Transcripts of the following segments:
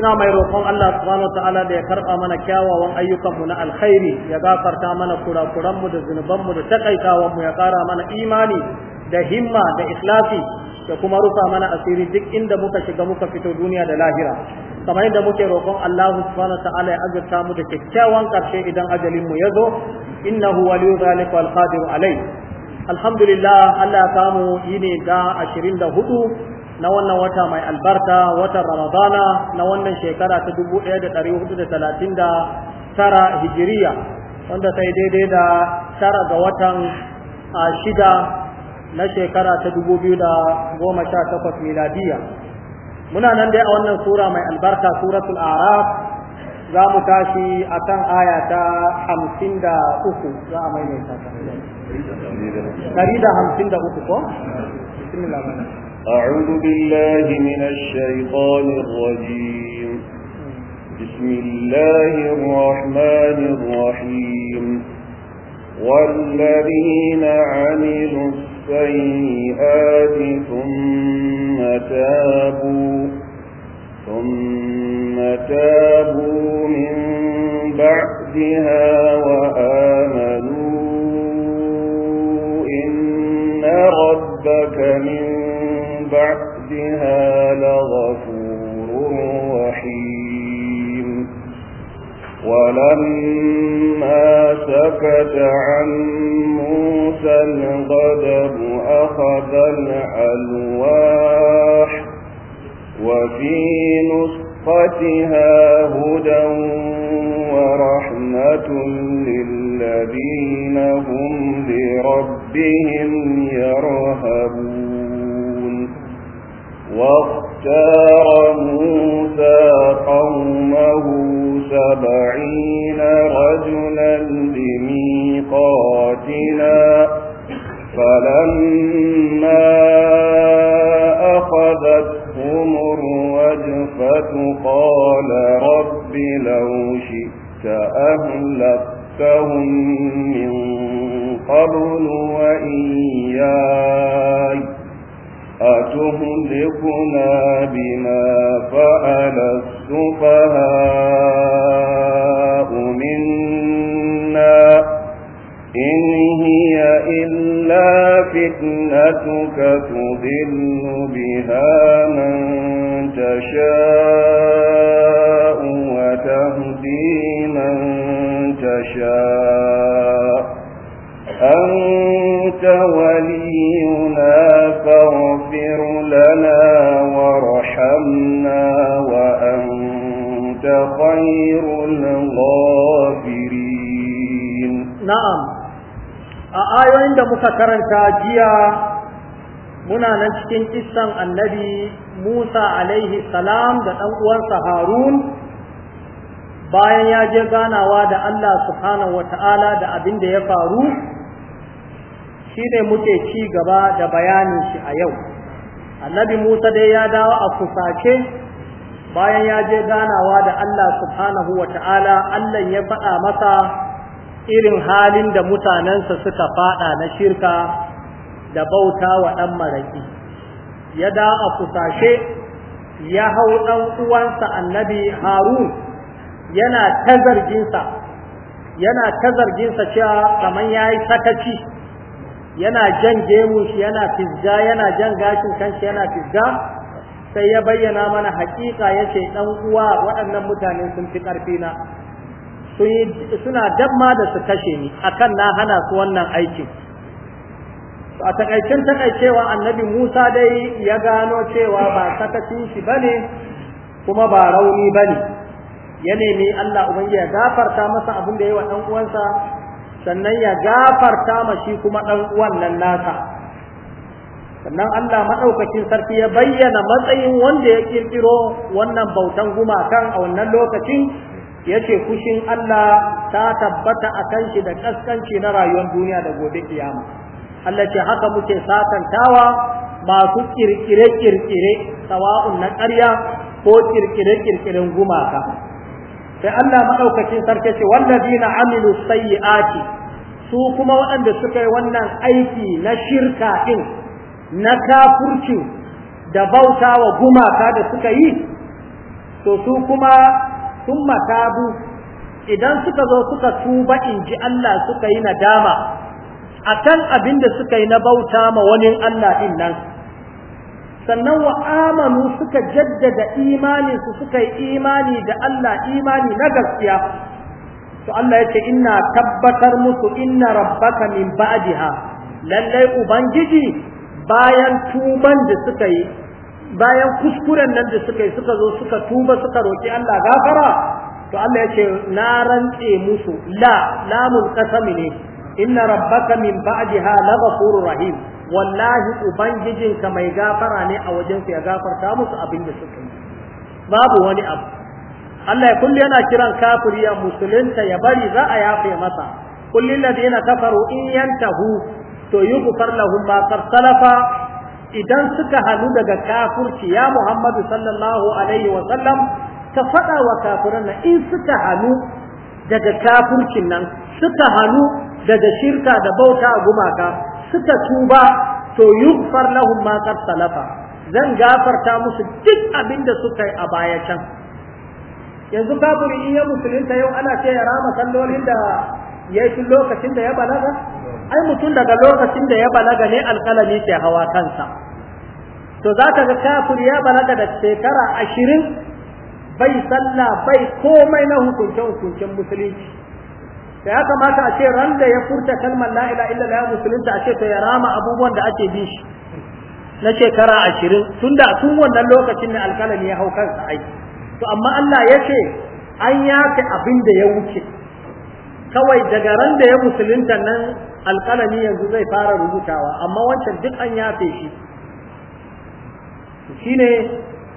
ina mai roƙon Allah subhanahu ta'ala da ya karɓa mana kyawawan ayyukanmu na alkhairi ya gafarta mana kurakuranmu da zunubanmu da takaitawanmu ya ƙara mana imani da himma da ikhlasi da kuma rufa mana asiri duk inda muka shiga muka fito duniya da lahira kamar yadda muke roƙon Allah subhanahu ta'ala ya azurta mu da kyakkyawan ƙarshe idan ajalin mu yazo innahu waliyu zalika wal qadir alai alhamdulillah Allah ya samu yini ga 24 na wannan wata mai albarka watan ramadana na wannan shekara ta 1439 hijiriya wanda ta yi daidai da tara ga watan shida na shekara ta 2018 miladiya muna nan dai a wannan sura mai albarka suratul araf za mu tashi a kan aya ta 53 za a maimaita ta 153 ko? bismillah أعوذ بالله من الشيطان الرجيم بسم الله الرحمن الرحيم والذين عملوا السيئات ثم تابوا ثم تابوا من بعدها وآمنوا إن ربك من بعدها لغفور رحيم ولما سكت عن موسى الغضب أخذ الألواح وفي نسختها هدى ورحمة للذين هم لربهم يرهبون واختار موسى قومه سبعين رجلا لميقاتنا فلما أخذتهم الرجفة قال رب لو شئت أهلكتهم من قبل وإياي أتهلكنا بما فعل السفهاء منا إن هي إلا فتنتك تضل بها من تشاء وتهدي من تشاء أنت ولينا فاغفر لنا وارحمنا وأنت خير الغافرين نعم a ayoyin da muka karanta jiya muna nan cikin kissan annabi Musa alaihi salam da ɗan uwansa Harun bayan ya je ganawa da Allah subhanahu wata'ala da abin da ya faru shi ne muke ci gaba da bayanin shi a yau annabi Musa dai ya dawo a kusace bayan ya je ganawa da Allah subhanahu wa ta'ala Allah ya faɗa masa irin halin da mutanensa suka faɗa na shirka da bauta wa ɗan maraƙi ya dawo a kusace ya hau ɗan uwansa annabi harun yana ta zarginsa yana ta zarginsa cewa kamar ya yi sakaci yana jan gemun shi yana fizga yana jan gashin kanshi yana fizga sai ya bayyana mana hakika yace dan uwa waɗannan mutane sun fi karfi na suna dabma da su kashe ni akan na hana su wannan aikin a takaicin takaicewa annabi Musa dai ya gano cewa ba sakacin shi bane kuma ba rauni bane ya nemi Allah ubangi ya gafarta masa abin da yayi wa dan uwansa sannan ya gafarta ma shi kuma ɗan wannan nasa sannan Allah maɗaukakin sarki ya bayyana matsayin wanda ya ƙirƙiro wannan bautan gumakan a wannan lokacin ya ce kushin Allah ta tabbata a kan shi da ƙasƙanci na rayuwar duniya da gobe kiyama Allah ce haka muke satantawa masu ƙirƙire-ƙirƙire sawa'un na ƙarya ko ƙirƙire-ƙirƙiren gumaka sai Allah maɗaukacin sarki ce wallazina amilu sayyi'ati su kuma waɗanda suka yi wannan aiki na shirka ɗin na kafurci da bauta wa gumaka da suka yi to su kuma sun matabu idan suka zo suka tuba in ji Allah suka yi nadama akan abin da suka yi na bauta ma wani Allah ɗin nan sannan wa amanu suka jaddada imaninsu suka yi imani da Allah imani na gaskiya to Allah ya ina tabbatar musu inna rabbaka min ba'diha lallai ubangiji bayan tuban da suka yi bayan kuskuren nan da suka yi suka zo suka tuba suka roki Allah gafara to Allah ya na rantse musu la lamun kasami ne inna rabbaka min ba'diha la ghafurur rahim wallahi ubangijinka mai gafara ne a wajensu ya gafarta musu abin da suka yi babu wani abu Allah ya kulli yana kiran kafiri ya musulunta ya bari za a yafe masa kulli ladina kafaru in yantahu to yughfar lahum ma qad salafa idan suka halu daga kafirci ya Muhammadu sallallahu alaihi wa sallam ka faɗa wa kafiran in suka halu daga kafircin nan suka halu daga shirka da bauta gumaka suka tuba to yughfar lahum ma qad salafa zan gafarta musu duk abin da suka yi a baya can yanzu kafiri in ya musulunta yau ana ce ya rama sallolin da ya shi lokacin da ya balaga ai mutum daga lokacin da ya balaga ne alƙalami ke hawa kansa to za ka ga kafir ya balaga da shekara ashirin bai sallah bai komai na hukunce hukuncen musulunci da ya kamata a ce ran da ya furta kalmar la ila illa la musulunta a ce ta ya rama abubuwan da ake bi shi na shekara ashirin tun da tun wannan lokacin ne alkalami ya hau kansa ai to amma Allah ya ce an yafe abin da ya wuce kawai daga ran da ya musulunta nan alkalami yanzu zai fara rubutawa amma wancan duk an yafe shi shine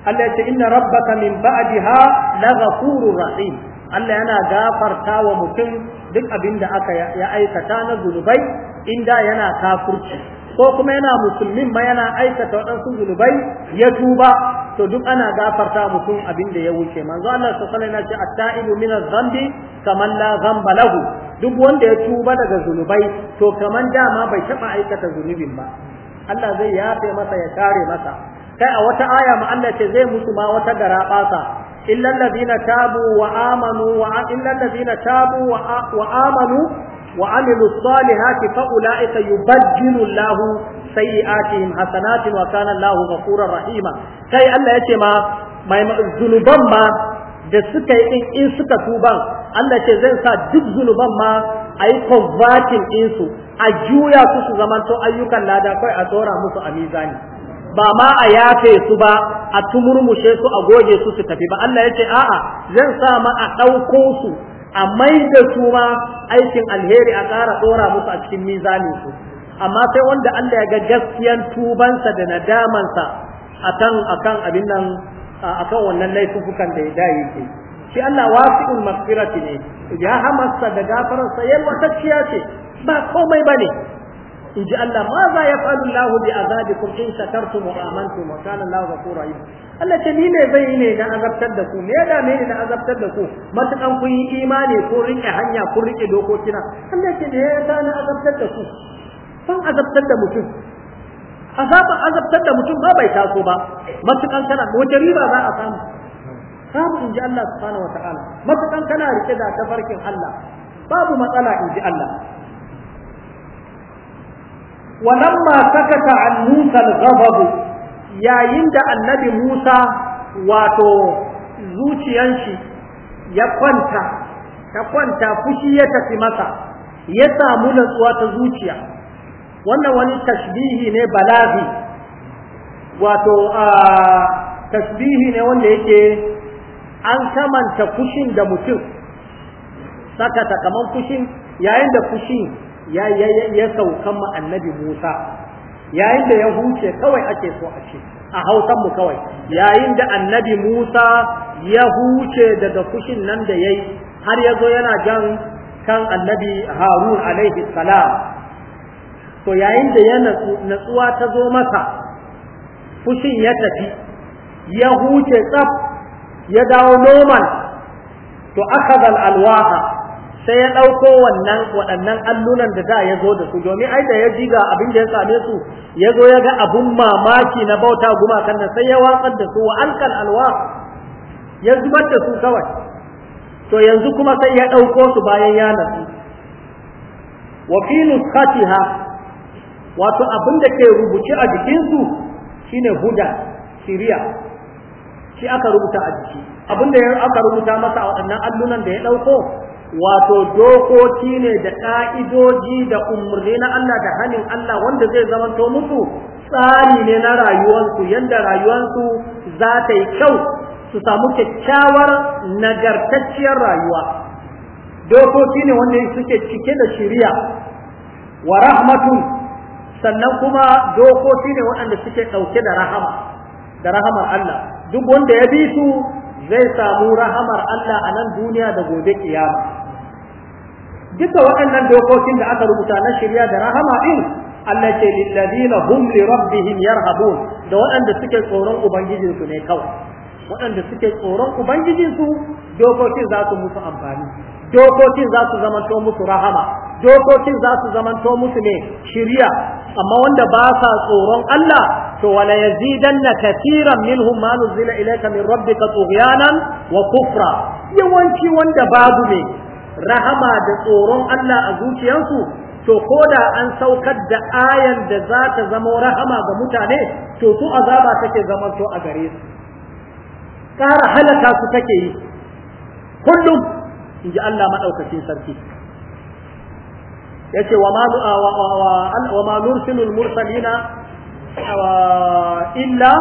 Allah ya ce inna rabbaka min ba'diha la ghafurur rahim Allah yana gafarta wa mutum duk abin da aka ya aikata na zunubai inda yana kafurci ko kuma yana musulmin ma yana aikata waɗansu zunubai ya tuba to duk ana gafarta mutum abin da ya wuce manzo Allah sallallahu alaihi wasallam ya ce at-ta'ibu min adh-dhanbi kaman la dhanba lahu duk wanda ya tuba daga zunubai to kaman dama bai taɓa aikata zunubin ba Allah zai yafe masa ya kare masa kai a wata aya ma Allah ce zai musu ma wata gara إلا الذين تابوا وآمنوا وع... إلا الذين تابوا وع... وآمنوا وعملوا الصالحات فأولئك يبدل الله سيئاتهم حسنات وكان الله غفورا رحيما كي ألا يتما ما ذنوبا ما da suka yi in suka tuba Allah ce zai sa duk zunuban ma a yi converting insu a juya su su zamanto ayyukan lada kai a tsora musu a mizani ba ma a yafe su ba a tumurmushe su a goge su su tafi ba Allah ya ce a'a zan sa ma a ɗauko su a mai da su ma aikin alheri a ƙara ɗora musu a cikin mizani su amma sai wanda Allah ya ga gaskiyan tubansa da nadamansa akan akan abin nan akan wannan laifukan da ya dai yake shi Allah wasi'ul maghfirati ne ya hamasa da gafaransa yalwa tacciya ce ba komai bane in ji Allah ma za ya faɗi lahu bi azabikum in shakartum wa amantum wa kana Allahu ghafurur rahim Allah ce ni ne zai yi ne na azabtar da ku me da me ne na azabtar da ku matukan kun yi imani ko rike hanya ko rike dokokina Allah ce da ya ta na azabtar da ku san azabtar da mutum azabar azabtar da mutum ba bai taso ba matukan kana wajen riba za a samu samu in ji Allah subhanahu wa ta'ala matukan kana rike da tafarkin Allah babu matsala in ji Allah walamma sakata an Musa yayin da annabi Musa wato zuciyan ya kwanta ta kwanta fushi ya tafi masa ya samu natsuwa ta zuciya wannan wani tashbihi ne balaghi wato tashbihi ne wanda yake an samanta fushin da mutum sakata kaman fushin yayin da fushin ya ya saukan ma annabi Musa yayin da ya huce kawai ake so a ce a hausan mu kawai yayin da annabi Musa ya huce daga kushin nan da yayi har ya zo yana jan kan annabi Harun alaihi salam to yayin da ya natsuwa ta zo masa fushin ya tafi ya huce tsaf ya dawo normal to akadal alwaha sai ya ɗauko waɗannan allunan da da ya zo da su domin ai da ya ji ga abin da ya same su ya zo ya ga abun mamaki na bauta gumakan nan sai ya watsar da su wa alkal alwa ya zubar da su kawai to yanzu kuma sai ya ɗauko su bayan ya nasu wa fi nuskatiha wato abin da ke rubuce a jikinsu shine huda shiriya shi aka rubuta a jiki abin da aka rubuta masa a waɗannan allunan da ya ɗauko wato dokoki ne da ƙa'idoji da umarni na Allah da hannun Allah wanda zai zamanto musu tsari ne na rayuwarsu yadda rayuwarsu za ta yi kyau su samu kyakkyawar nagartacciyar rayuwa dokoki ne wanda suke cike da shiriya wa rahmatu sannan kuma dokoki ne waɗanda suke ɗauke da rahama da rahamar Allah duk wanda ya bi su zai samu rahamar Allah a nan duniya da gobe kiyama duka waɗannan dokokin da aka rubuta na shirya da rahama ɗin, Allah ce lilladina hum li rabbihim yarhabun da waɗanda suke tsoron ubangijinsu ne kawai waɗanda suke tsoron ubangijinsu dokokin za su musu amfani dokokin za su zamanto musu rahama dokokin za su zamanto musu ne shirya amma wanda ba sa tsoron Allah to wala yazidanna katiran minhum ma nuzila ilayka min rabbika tughyanan wa kufra yawanci wanda babu ne rahama da tsoron Allah a zuciyarsu to ko da an saukar da ayan da za ta zama rahama ga mutane to su azaba take zama to a gare su ƙara halaka su take yi kullum in ji Allah maɗaukacin sarki yace wa ma wa ma nursilul mursalina illa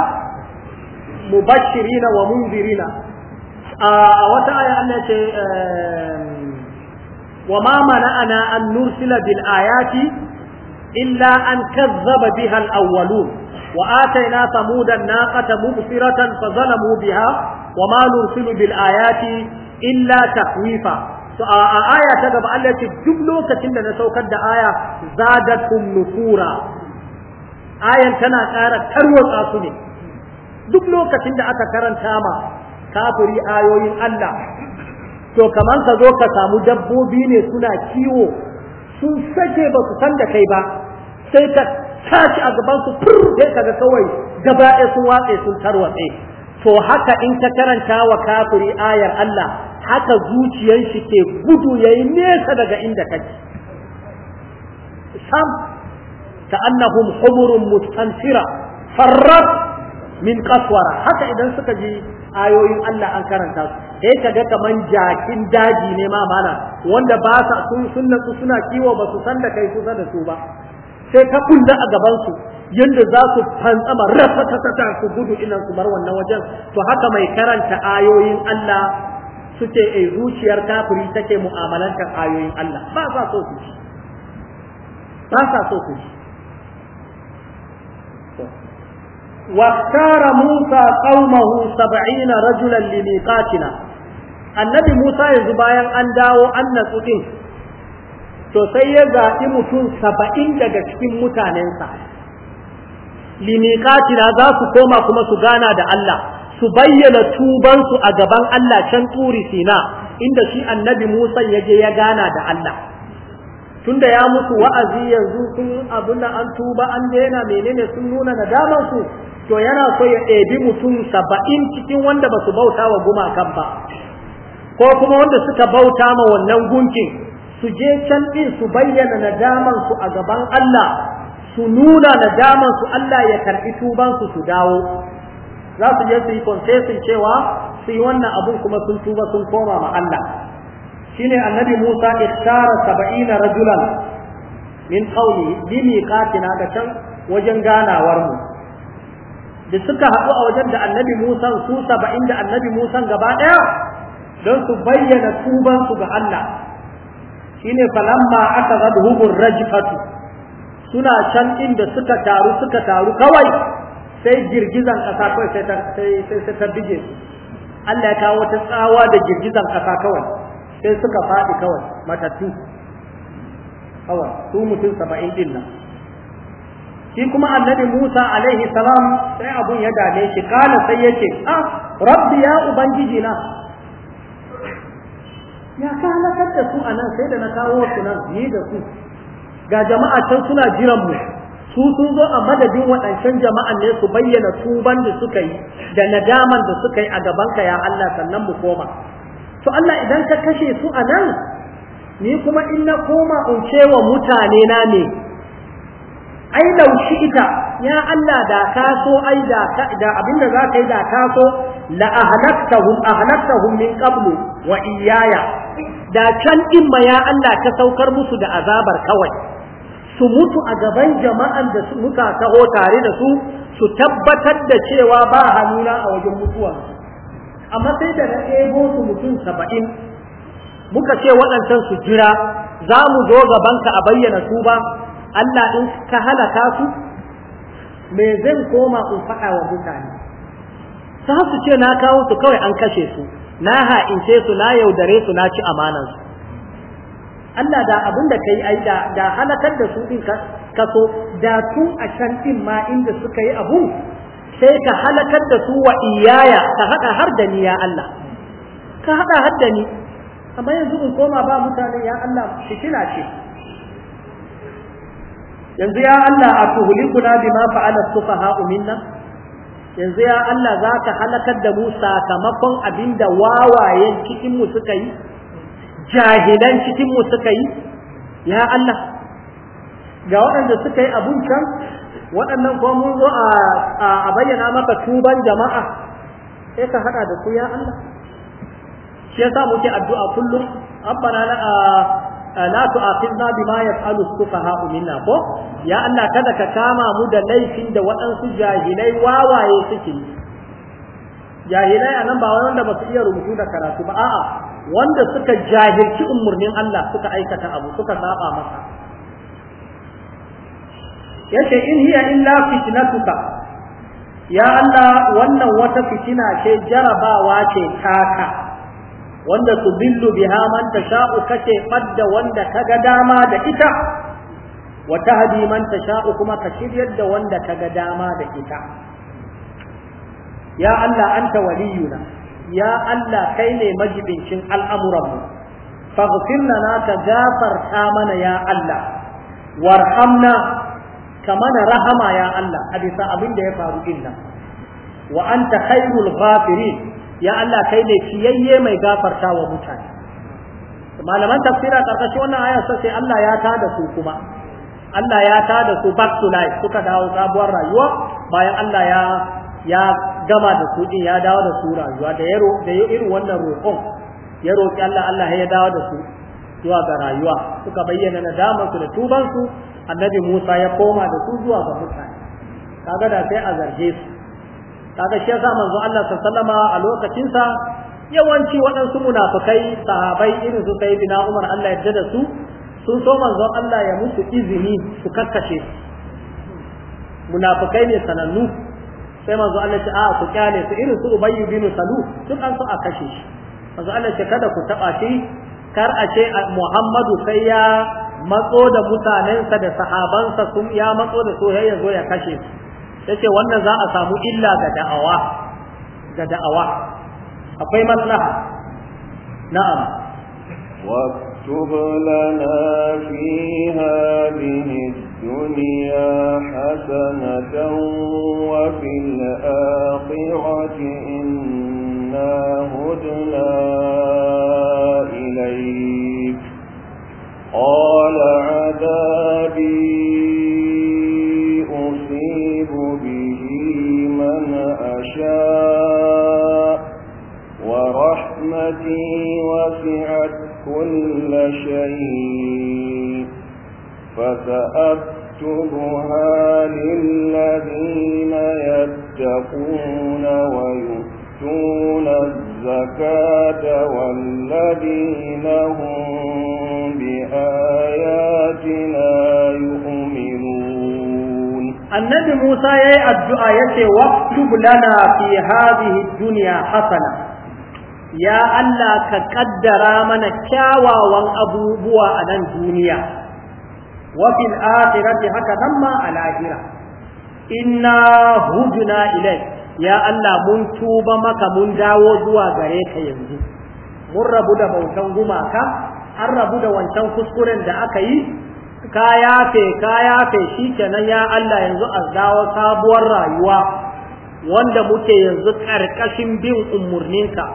mubashirina wa munzirina a wata aya Allah وما منعنا أن نرسل بالآيات إلا أن كذب بها الأولون وآتينا ثمود الناقة مبصرة فظلموا بها وما نرسل بالآيات إلا تخويفا آية تقب التي جبلو كتن نسوكد آية زادتهم نفورا آية تنا كانت تروى آسوني duk lokacin da aka karanta ma kafiri ayoyin Allah to kamar ka zo ka samu dabbobi ne suna kiwo sun sake ba su san da kai ba sai ka tashi a gaban su fur sai kawai gaba ɗaya sun watse sun tarwatse to haka in ka karanta wa kafiri ayar Allah haka zuciyar shi ke gudu yayi nesa daga inda kake sam ka annahum humurun mustansira farrat min kaswara haka idan suka ji ayoyin Allah an karanta su sai ka ga kaman jakin daji ne ma mana wanda ba sa sun sunna su suna kiwo ba su san da kai kusa da su ba sai ka kunna a gaban su yanda za su fantsama rafa ta ta su gudu inan su bar wannan wajen to haka mai karanta ayoyin Allah suke a eh, zuciyar kafiri take mu'amalantar ayoyin Allah ba sa so su ba sa so su واختار موسى قومه سبعين رجلا لميقاتنا annabi Musa yanzu bayan an dawo an ɗin, sosai ya zaɓi mutum saba'in daga cikin mutanensa limiƙatina za su koma kuma su gana da Allah su bayyana tubansu a gaban Allah can turi sina inda shi annabi Musa ya je ya gana da Allah tunda ya mutu wa'azi yanzu sun abin an tuba an daina menene sun nuna nadamansu to yana so ya ɗebi mutum saba'in cikin wanda ba su bauta wa gumakan ba ko kuma wanda suka bauta ma wannan gunkin su je can ɗin su bayyana nadaman su a gaban Allah su nuna nadaman su Allah ya karɓi tubansu su dawo za su je su yi confession cewa su yi wannan abun kuma sun tuba sun koma ma Allah shine annabi Musa ikhtara saba'ina rajulan min qawli bi miqatina da can wajen ganawar mu da suka haɗu a wajen da annabi Musa su saba'in da annabi Musa gaba ɗaya don su bayyana tubansu ga Allah shine falamma aka hukun rajifatu suna can inda suka taru suka taru kawai sai girgizan ƙasa kawai sai ta sai ta bige su Allah ya kawo wata tsawa da girgizan ƙasa kawai sai suka faɗi kawai matattu kawai su mutum saba'in ɗin nan shi kuma annabi Musa alaihi salam sai abun ya dame shi kana sai yace ah rabbi ya ubangiji na ya ka halakar da su anan sai da na kawo su nan ni da su ga jama'a can suna jiran mu su sun zo a madadin waɗancan jama'an ne su bayyana tuban da suka yi da nadaman da suka yi a gaban ka ya Allah sannan mu koma to Allah idan ka kashe su anan ni kuma in na koma in ce wa mutane na ne ai laushi ita ya Allah da ka so ai da da abinda za ka yi da ka so la ahlaktahum ahlaktahum min qablu wa iyaya da can din ma ya Allah ka saukar musu da azabar kawai su mutu a gaban jama'an da su muka taho tare da su su tabbatar da cewa ba hannuna a wajen mutuwa amma sai da na su mutum saba'in muka ce waɗancan su jira za mu zo gabanka a bayyana su ba Allah in ka halaka su me zan koma in faɗa wa mutane sa su ce na kawo su kawai an kashe su na ha'ince su na yaudare su na ci amanansu. Allah da abin da kai ai da da halakar da su din ka kaso da tun a can din ma inda suka yi abu sai ka halakar da su wa iyaya ka hada har da ni ya Allah ka hada har da ni amma yanzu in koma ba mutane ya Allah fitina ce yanzu ya Allah a bi bima fa'ala sufaha'u minna yanzu ya Allah za ka halakar da mu sakamakon abinda wawayen cikin suka yi jahilan cikin mu suka yi ya Allah ga waɗanda suka yi abun can waɗannan kuma mun zo a bayyana maka tuban jama'a sai ka haɗa da ku ya Allah shi yasa muke addu'a kullum rabbana a Eh, la aqidna bima yaf'alu as-sufaha minna ko ya Allah kada ka kama mu da laifin da waɗansu jahilai wawaye suke jahilai anan ba wanda ba su iya rubutu da karatu ba a'a wanda suka jahilci umurnin Allah suka aikata abu suka saba masa yace in hiya illa fitnatuka ya Allah wannan wata fitina ce jarabawa ce taka wanda su billu biha man tasha'u kace badda wanda kaga dama da ita wa tahdi man tasha'u kuma ka shiryar da wanda kaga dama da ita ya Allah anta waliyuna ya Allah kai ne majibincin al'amuranmu faghfir lana ka gafarta mana ya Allah warhamna ka mana rahama ya Allah a bisa abin da ya faru din nan wa anta khairul ghafirin ya Allah kai ne ciyayye mai gafarta wa mutane malaman tafsira karkashin wannan aya sai Allah ya da su kuma Allah ya ta da su back to life suka dawo sabuwar rayuwa bayan Allah ya ya gama da su din ya dawo da su rayuwa da ya da yi irin wannan roƙon ya roƙi Allah Allah ya dawo da su zuwa ga rayuwa suka bayyana nadaman su da tuban su annabi Musa ya koma da su zuwa ga mutane kaga da sai a zarge su kaga shi yasa manzo Allah sallallahu alaihi a lokacin sa yawanci waɗansu munafikai sahabai irin su sai sayyidina Umar Allah ya yarda da su sun so manzon Allah ya musu izini su karkashe munafikai ne sanannu sai manzo Allah ya ce a ku kyale su irin su Ubay bin Salu duk an so a kashe shi manzo Allah ya ce kada ku taba shi kar a ce Muhammadu sai ya matso da mutanensa da sahabansa sun ya matso da su ya zo ya kashe su Ta ce wannan za a samu illa ga da'awa ga da'awa akwai maslaha na'am واكتب لنا في هذه الدنيا حسنة وفي الآخرة إنا هدنا إليك قال عذابي يشاء ورحمتي وسعت كل شيء فسأكتبها للذين يتقون ويؤتون الزكاة والذين هم بآياتنا يؤمنون annabi Musa ya yi addu'a ya ce, Waktub lana fi hadhihi duniya hasana, ya Allah ka ƙaddara mana kyawawan abubuwa a nan duniya, wafin akhirati haka nan ma a lahira. Inna hujuna ilai, ya Allah mun tuba maka mun dawo zuwa gare ka yanzu, mun rabu da bautan gumaka, an rabu da wancan kuskuren da aka yi, ka yafe ka yafe shi kenan ya Allah yanzu a dawo sabuwar rayuwa wanda muke yanzu karkashin bin umurninka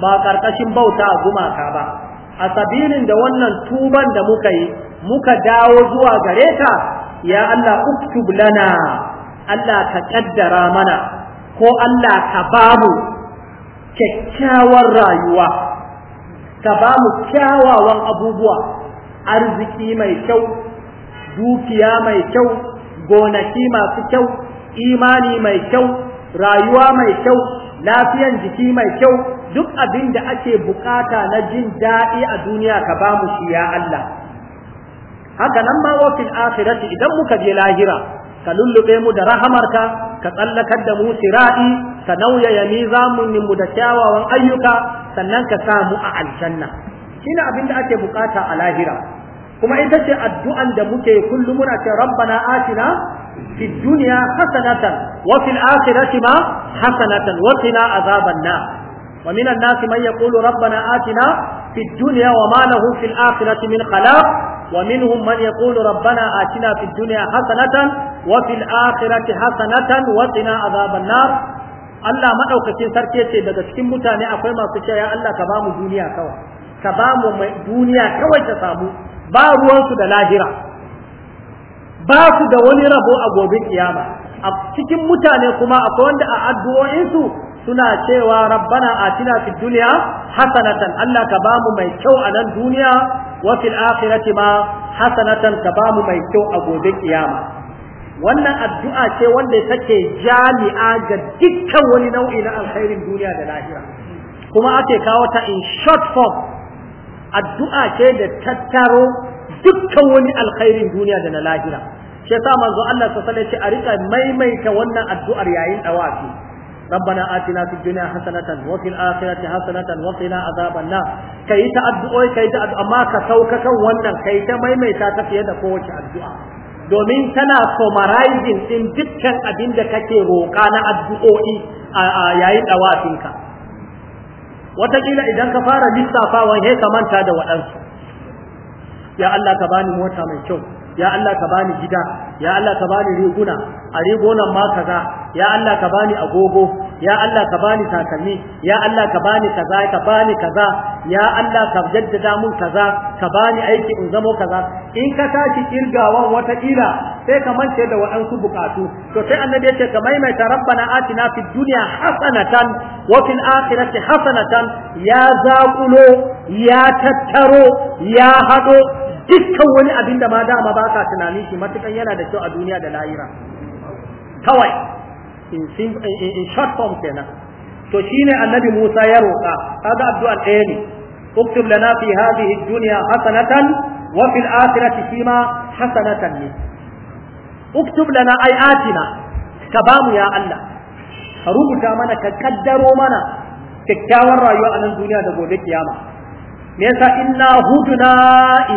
ba karkashin bauta a gumaka ba a sabirin da wannan tuban da muka yi muka dawo zuwa gare ka ya Allah uktub lana Allah ka kaddara mana ko Allah ka bamu kyakkyawar rayuwa ka bamu kyawawan abubuwa arziki mai kyau dukiya mai kyau gonaki masu kyau imani mai kyau rayuwa mai kyau lafiyan jiki mai kyau duk abin da ake bukata na jin daɗi a duniya ka ba mu shi ya Allah haka nan ma wa fil akhirati idan muka je lahira ka lullube mu da rahamarka ka tsallakar da mu siradi ka nauya yami zamu mu da kyawawan ayyuka sannan ka samu a aljanna shine abin da ake bukata a lahira kuma ita ce addu'an da muke kullum muna ce rabbana atina fid dunya hasanatan wa fil akhirati ma hasanatan wa qina azaban nar wa minan nasi man yaqulu rabbana atina fid dunya wa ma lahu fil akhirati min khalaq wa minhum man yaqulu rabbana atina fid dunya hasanatan wa fil akhirati hasanatan wa qina azaban nar Allah madaukakin sarki ce daga cikin mutane akwai masu cewa ya Allah ka ba mu duniya kawai ka ba mu duniya kawai ta samu ba ruwansu da lahira ba su da wani rabo a gobe kiyama a cikin mutane kuma akwai wanda a addu'o'insu suna cewa rabbana atina fid dunya hasanatan Allah ka bamu mai kyau a nan duniya wa fil akhirati ma hasanatan ka bamu mai kyau a gobe kiyama wannan addu'a ce wanda take jami'a ga dukkan wani nau'i na alkhairin duniya da lahira kuma ake kawo ta in short form addu'a ce da tattaro dukkan wani alkhairin duniya da na lahira shi yasa manzo Allah sallallahu alaihi ce a rika maimaita wannan addu'ar yayin dawafi ربنا آتنا في الدنيا حسنة وفي الآخرة حسنة وقنا عذاب النار كي تأدعوي كي تأدعو أما كسوكك ونن كي تميمي تاتفي يدك وش الدعاء domin tana summarizing din dukkan abin da kake roƙa na addu'o'i a yayin watakila idan ka fara lissafawa sai ka manta da waɗansu ya Allah ka bani mota mai kyau ya Allah ka bani gida ya Allah ka bani riguna a rigunan ma kaza ya Allah ka bani agogo ya Allah ka bani takalmi ya Allah ka bani kaza ka bani kaza ya Allah ka jaddada mun kaza ka bani aiki in zamo kaza in ka tashi kirgawan wata kila sai ka mance da waɗansu bukatu to sai annabi yace ce ka maimaita rabbana atina fid dunya hasanatan wa fil akhirati hasanatan ya zaqulo ya tattaro ya hado dukkan wani abin da ma dama ba ka shi matukan yana da kyau a duniya da lahira kawai in short form kenan to shine annabi Musa ya roƙa kaga addu'a ɗaya ne uktub lana fi hadhihi dunya hasanatan wa fil akhirati shima hasanatan ne uktub lana ay ka bamu ya Allah ka rubuta mana ka kaddaro mana kyakkyawar rayuwa a nan duniya da gobe kiyama me yasa inna huduna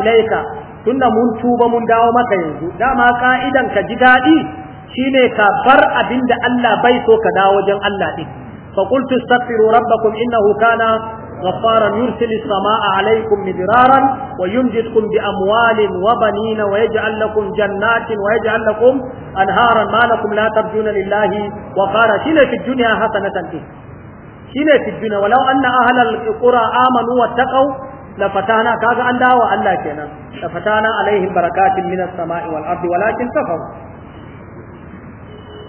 ilaika tunda mun tuba mun dawo maka yanzu dama ka'idan ka ji daɗi shine ka bar abin da Allah bai so ka dawo wajen Allah din fa qultu astaghfiru rabbakum innahu kana غفارا يرسل السماء عليكم مدرارا ويمددكم بأموال وبنين ويجعل لكم جنات ويجعل لكم أنهارا ما لكم لا ترجون لله وقال في الدنيا حسنة shine fi dunya walau anna ahlal qura amanu wattaqau la fatana kaga an dawo Allah kenan la fatana alaihim barakatin minas sama'i wal ardi walakin kafaru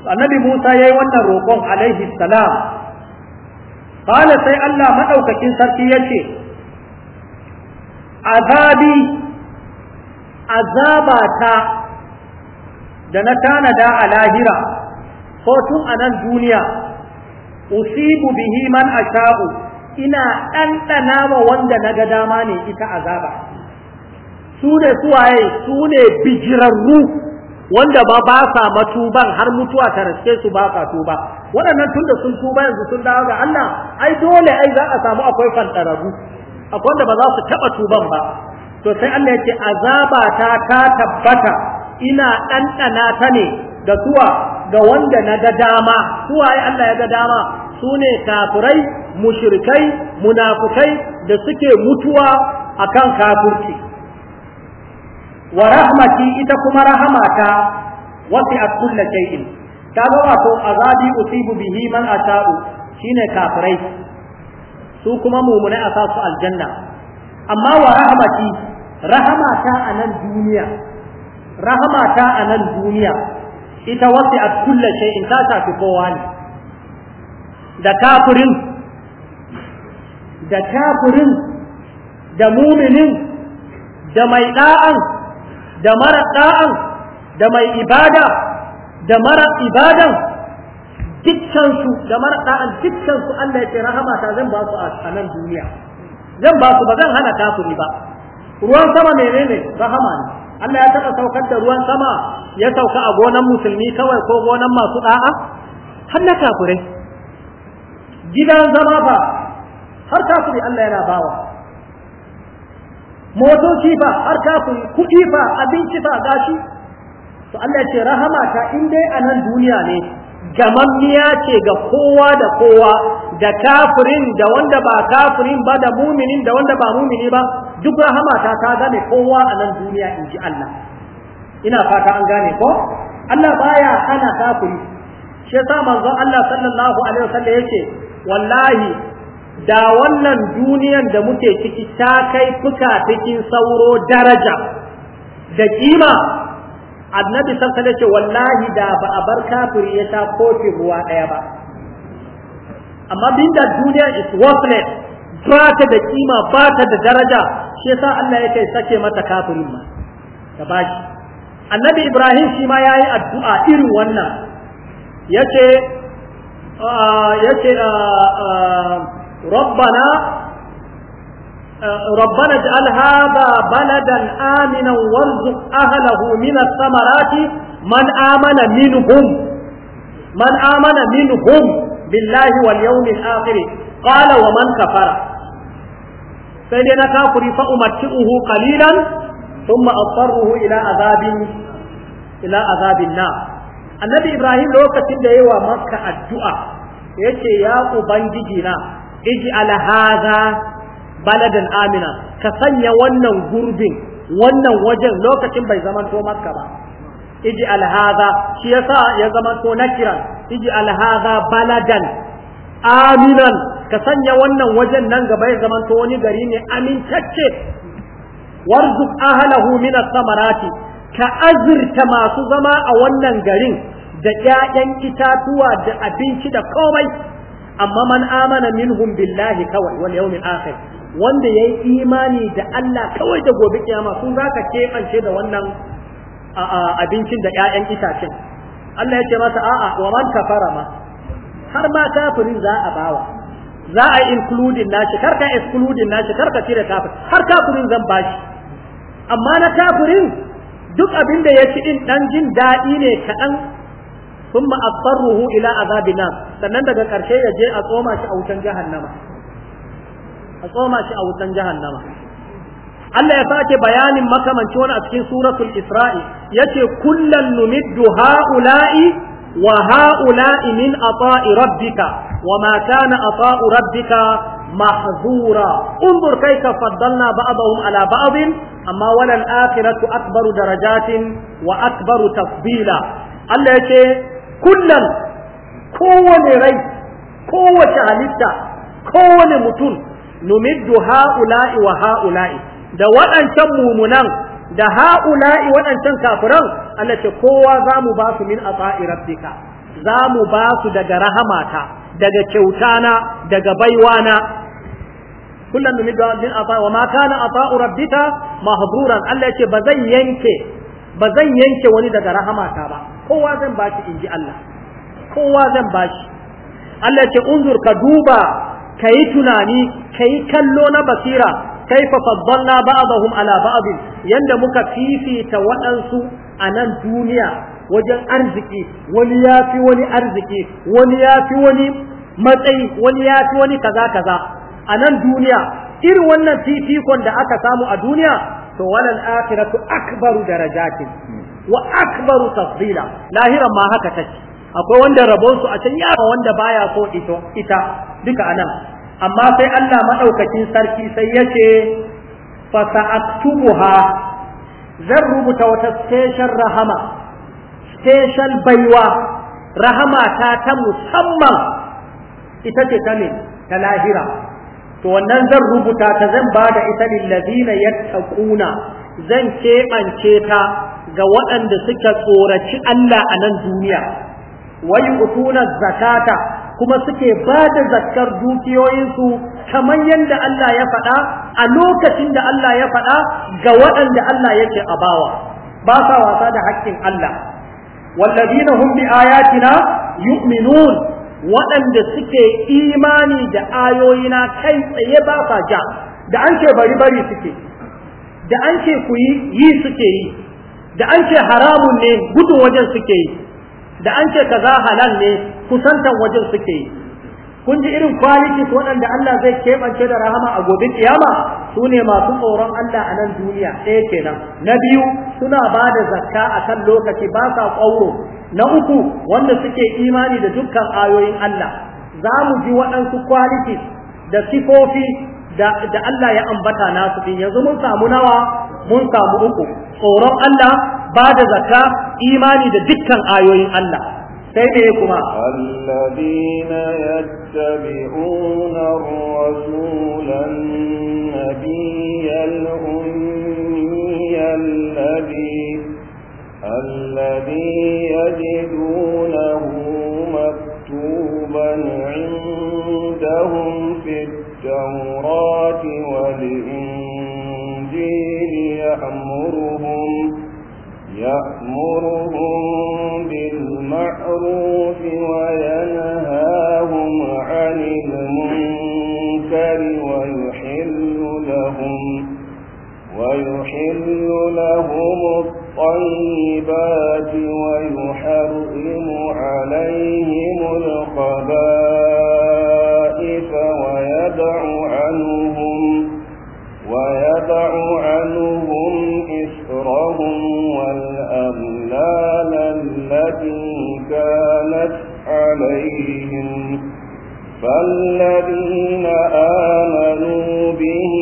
annabi Musa yayi wannan roƙon alaihi salam qala sai Allah madaukakin sarki yace azabi azabata da na tanada a lahira ko tun a nan duniya usibu bihi man asha'u ina ɗanɗana wa wanda na ga dama ne ita azaba su ne suwaye su ne bijirarru wanda ba ba sa matuban har mutuwa ta raske su ba sa tuba waɗannan tunda sun tuba yanzu sun dawo ga Allah ai dole ai za a samu akwai fantararru akwai wanda ba za su taɓa tuban ba to sai Allah ya ce azaba ta ta tabbata ina ɗanɗana ta ne da suwa ga wanda na ga dama su Allah ya ga dama su ne kafirai mushrikai munafukai da suke mutuwa akan kafirci wa rahmati ita kuma rahamata wasi'at kulli shay'in kaga wato azabi usibu bihi man ata'u shine kafirai su kuma mumuna a su aljanna amma wa rahmati rahamata a nan duniya rahamata a nan duniya ita wasi a kulla in ta shafi kowa ne da kafirin da kafirin da muminin da mai da'an da mara da'an da mai ibada da mara ibadan dukkansu da mara da'an dukkansu Allah ya ce rahama ta zan ba su a nan duniya zan ba su ba zan hana kafiri ba ruwan sama menene rahama ne Allah ya taɓa saukar da ruwan sama ya sauka a gonan musulmi kawai ko gonan masu ɗa'a? har na kafirai gidan zama ba har kafiri Allah yana bawa motoci ba har kafiri kuɗi ba abinci fa gashi to Allah ya ce rahama ta in dai a nan duniya ne gamammiya ce ga kowa da kowa da kafirin da wanda ba kafirin ba da muminin da wanda ba mumini ba duk rahama ta ta gane kowa a nan duniya in ji Allah ina fata an gane ko Allah baya hana kafiri shi yasa manzo Allah sallallahu alaihi wasallam yake wallahi da wannan duniyan da muke ciki ta kai fuka cikin sauro daraja da kima annabi sallallahu alaihi ce wallahi da ba a bar kafiri ya sha kofi ruwa daya ba amma bin da duniya is worthless ba ta da kima ba ta da daraja shi yasa Allah ya kai sake mata kafirin ma ta bashi annabi Ibrahim shi ma yayi addu'a irin wannan yace ah, yace ah, ah, rabbana ربنا اجعل هذا بلدا آمنا وارزق أهله من الثمرات من آمن منهم من آمن منهم بالله واليوم الآخر قال ومن كفر سيدنا كافر فأمتئه قليلا ثم أضطره إلى عذاب إلى عذاب النار النبي إبراهيم لو كتب يوا مكة الدعاء يتي يا أبنجي اجعل هذا baladan amina ka sanya wannan gurbin wannan wajen lokacin bai zamanto makka ba iji alhaza shi yasa ya zamanto nakiran iji alhaza baladan aminan ka sanya wannan wajen nan gaba ya zamanto wani gari ne amintacce warzuk ahlahu min samarati ka azurta masu zama a wannan garin da ƴaƴan itatuwa da abinci da komai amma man amana minhum billahi kawai wal yawmil akhir wanda ya yi imani da Allah kawai da gobe kiyama sun za ka keɓance da wannan abincin da 'ya'yan itacen Allah ya ce masa a'a wa man kafara ma har ma kafirin za a bawa za a yi including nashi kar ka excluding nashi kar ka cire kafir har kafirin zan bashi amma na kafirin duk abin da ya ci din dan jin daɗi ne kaɗan sun ruhu ila azabina sannan daga ƙarshe ya je a tsoma shi a wutan jahannama a tsoma shi a wutan jahannama Allah ya sake bayanin makamanci wani a cikin suratul Isra'i yace kullan numiddu haula'i wa haula'i min ata'i rabbika wa ma kana ata'u rabbika mahzura unzur kayfa faddalna ba'dahum ala ba'din amma walal akhiratu akbaru darajatin wa akbaru tafdila Allah yace kullan kowane rai kowace halitta kowane mutum numiddu ha'ula'i wa ha'ula'i da waɗancan mumunan da ha'ula'i waɗancan kafiran Allah ce kowa za mu ba su min atsa'i rabbika za mu ba su daga rahamata daga kyautana daga baiwana kullum numiddu min atsa'i wa ma kana atsa'u rabbika mahduran Allah ce ba zan yanke ba zan yanke wani daga rahamata ba kowa zan ba shi inji Allah kowa zan ba shi Allah ce unzur ka duba ka yi tunani ka yi kallo na basira kai fa faddalna ba'dahum ala ba'd yanda muka fifita waɗansu a nan duniya wajen arziki wani ya fi wani arziki wani ya fi wani matsayi wani ya fi wani kaza kaza a nan duniya irin wannan fifikon da aka samu a duniya to walal akhiratu akbaru darajatin wa akbaru tafdila lahiran ma haka take akwai wanda rabonsu a can yawa wanda baya so ita duka anan amma sai Allah maɗaukakin sarki sai yace ce zan rubuta wata special rahama special baiwa rahama ta ta musamman ita ce ta ne ta lahira to wannan zan rubuta ta zan ba da ita lillazina yattaquna zan keɓance ta ga waɗanda suka tsoraci Allah a nan duniya wayu utuna zakata kuma suke ba da zakkar dukiyoyinsu kamar yadda Allah ya faɗa a lokacin da Allah ya faɗa ga waɗanda Allah yake a bawa ba sa wasa da haƙƙin Allah wallazina hum bi ayatina yu'minun waɗanda suke imani da ayoyina kai tsaye ba sa ja da an ce bari bari suke da an ce ku yi yi suke yi da an ce haramun ne gudun wajen suke yi da an ce kaza halal ne kusantan wajen suke yi kun ji irin qualities waɗanda Allah zai keɓance da rahama a gobe kiyama su ne masu tsoron Allah a nan duniya ɗaya kenan na biyu suna ba da zakka a kan lokaci ba sa ƙwauro na uku wanda suke imani da dukkan ayoyin Allah za mu ji waɗansu kwalitis da sifofi da Allah ya ambata nasu din yanzu mun samu nawa mun samu uku tsoron Allah ba da zakka imani da dukkan ayoyin Allah sai ne kuma alladina yattabi'una ar-rasulan nabiyyal ummiyal ladhi الذي يجدونه مكتوبا عندهم في التوراة يأمرهم يأمرهم بالمعروف وينهاهم عن المنكر ويحل لهم ويحل لهم الطيبات ويحرم عليهم الخبائث وهم والأغلال التي كانت عليهم فالذين آمنوا به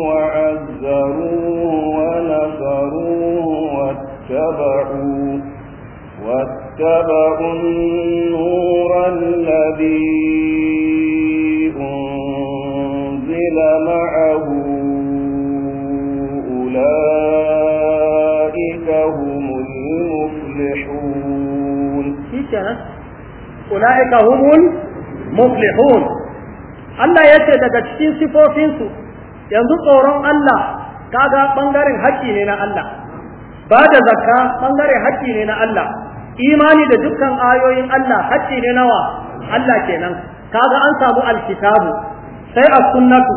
وعزروه ونصروه واتبعوا واتبعوا النور الذي shikenan Allah ya daga cikin sifofinsu yanzu tsoron Allah kaga ɓangaren haƙƙi ne na Allah ba zakka bangaren haƙƙi ne na Allah imani da dukkan ayoyin Allah haƙƙi ne nawa Allah kenan kaga an samu alkitabu sai as-sunnatu